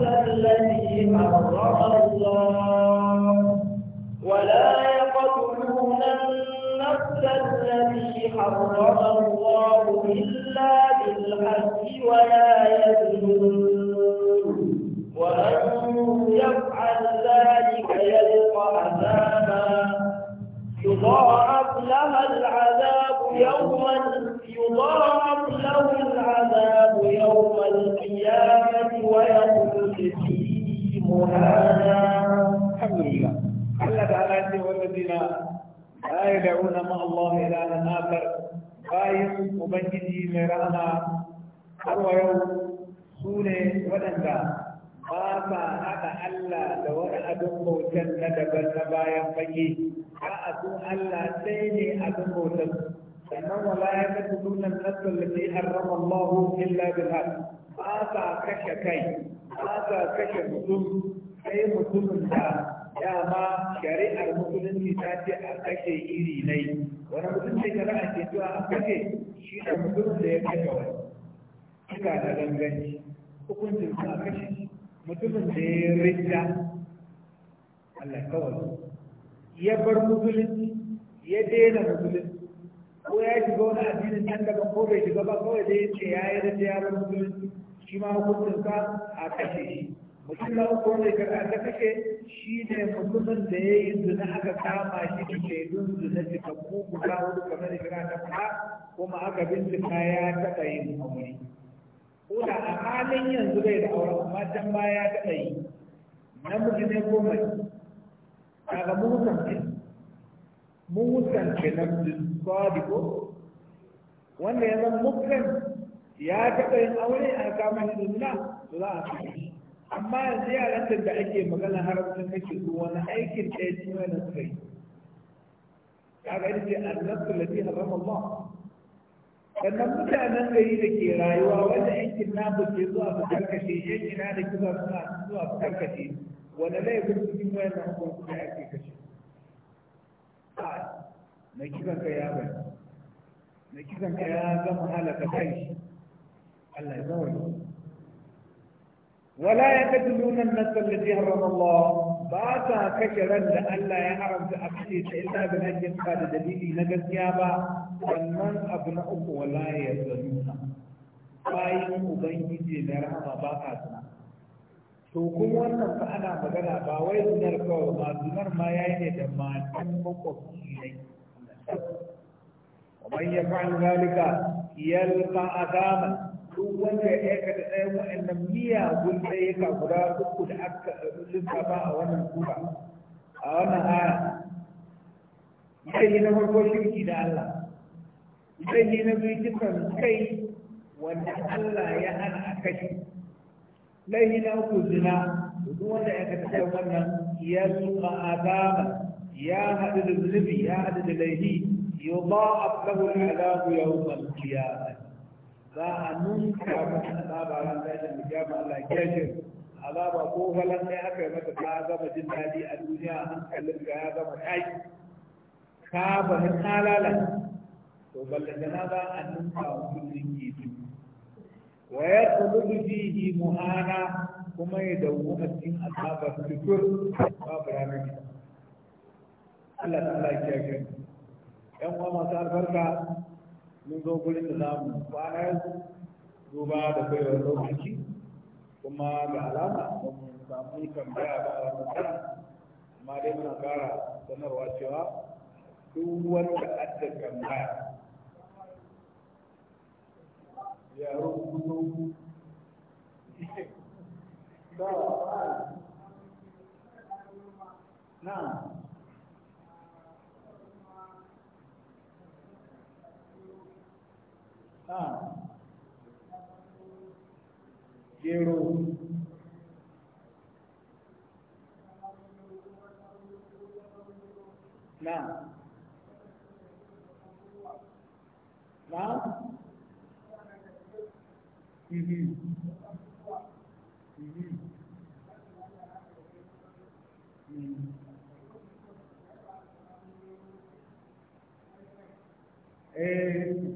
النفس التي حرم الله ولا يقتلون النفس التي حرم الله إلا بالحق ولا يزنون ومن يضاعف لها العذاب يوم يضاعف له العذاب يوم القيامة ويخلد فيه مهانا الحمد لله الله تعالى والذين لا يدعون مع الله إلها آخر bayan ubangiji mai rahama har wa yau su ne waɗanda ba sa haɗa Allah da wani abin bautan na daban na bayan fage a asu Allah sai ne abin bautan sannan wala ya kasu sunan nasar da ke harrama Allah illa bil haq ba sa kashe kai ba sa kashe mutum sai mutumin da dama shari'ar musulunci ta ce a kashe iri nai wani mutum ce shari'a ke zuwa a kashe shi da mutum da ya kashe wani Kika da ganganci hukuncin sa a kashe shi mutumin da ya rinda Allah kawai ya bar musulunci ya daina musulunci ko ya shiga wani addinin nan daga ko bai shiga ba kawai dai ce ya yi da ya bar musulunci shi ma hukuncinsa a kashe shi mutum na uku wanda ya karɓa kashe shi ne mutumin da ya yi zuna aka kama shi da shaidun zina cikakku guda wani kamar ya kira ta fara kuma aka bincika ya taɓa yin aure. ko da a halin yanzu bai da auren amma can baya taɓa yi. namiji ne ko mace kaga Mu husance mun husance namiji sadi ko wanda ya zama mukan ya taɓa yin aure a kamar yin na to za a fi amma yanzu yaran da ake magana haramcin kashe su wani aikin ɗaya shi ne na suka yi kaga ita ce annasu lati haram Allah sannan mutanen gari da ke rayuwa wanda yan kidnabu ke zuwa su karkashe yan kina da kiza suna zuwa su karkashe wanda laifin cikin wayan nan ko kuma ya ke kashe a na kisan ka ya bai na kisan ka ya gama halaka kai shi Allah ya zama wala ya kaduluna an-nafs allati harrama Allah ba sa kashe ran da Allah ya haramta a kashe ta illa da nan ba da dalili na gaskiya ba wannan abu na uku wala ya zanuna bayan ubangiji da rahama ba ka zina to kuma wannan ba ana magana ba wai zinar kawai ba zinar ma ya yi da matan makwabci ne ومن يفعل ذلك a أثاما duk wanda ya aikata ɗayan waɗannan miyagun ɗayyuka guda uku da aka ba a wannan sura a wannan aya zai na farko shirki da Allah zai na biyu kisan kai wanda Allah ya hana a kashi laihi na uku zina duk wanda ya aikata ɗayan wannan ya zuba azaba ya haɗu da zunubi ya haɗu da laihi yudha'af lahu al'adabu yawm al-qiyamah za a nunka mata azaba ran tashin kiyama Allah kyashin azaba ko falan sai aka yi mata ka gama jin daɗi a duniya hankalin ka ya gama tashi ka bani ka lalata to ballantana za a nunka wa kullum kifi wa ya tsulubu fihi muhana kuma ya dawo a cikin azabar fitur babu ranar gida Allah ta Allah ya kyashin ƴan uwa masu albarka mun zo gurin da za mu kwana yanzu duba da baiwar lokaci kuma ga alama Mun mu samu tambaya ba a wannan amma dai muna kara sanarwa cewa duk wanda adda tambaya ya rubuto <laughs> na Gero. Ah. Náà. Náà. Ìhì. Ìhì. Ẹ̀ẹ́.